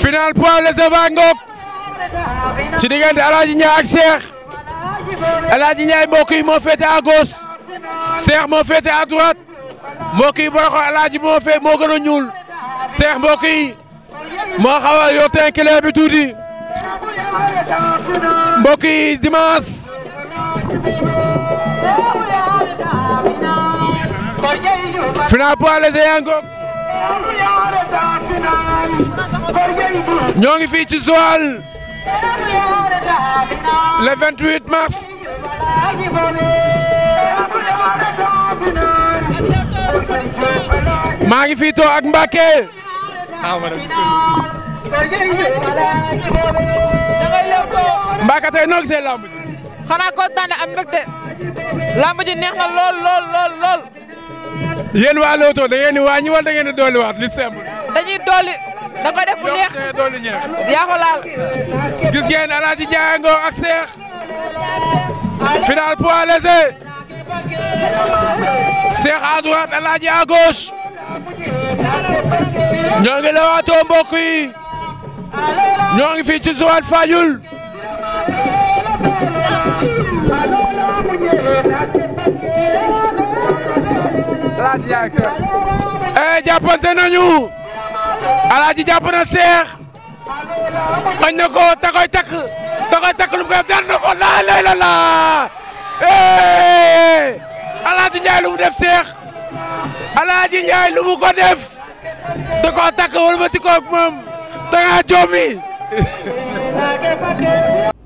final point le seba ngook ci diggante Alaaji Ndiaye ak Cheikh Alaaji Ndiaye mbokk yi moo féete à gauche moo féete à droite mbokk yi boo ko Alaaji moo fee moo gën a ñuul Cheikh mbokk moo xaw a yor teint clair bi tuuti mbokk yi dimanche final point ñoo ngi fi ci Joal le 28 mars maa ngi fii too ak Mbacke Mbacke tey noo gisee lamb ji xanaa kontaan am mbégte lamb neex na lool lool lool yéen waa Leewtoo da ngeen di wàññi wala da ngeen di dolliwaat li simple. dañuy dolli da nga def bu neex dolli ñeex. yaa ko gis ngeen El Hadj ak Seex. final poids Seex à droite El Hadj ñoo ngi lewaatoo mbokk yi. ñoo ngi fi ci Joal Fadiouth. alaaji yaa eh, nañu. alaaji jàpp na seex. xañ na ko takoy takk takoy takk lu mu koy def na ko laa lay la eh, alaaji Ndiaye lu def seex. alaaji Ndiaye lu ko def. da koo takk wala ma ci kooku moom joomi.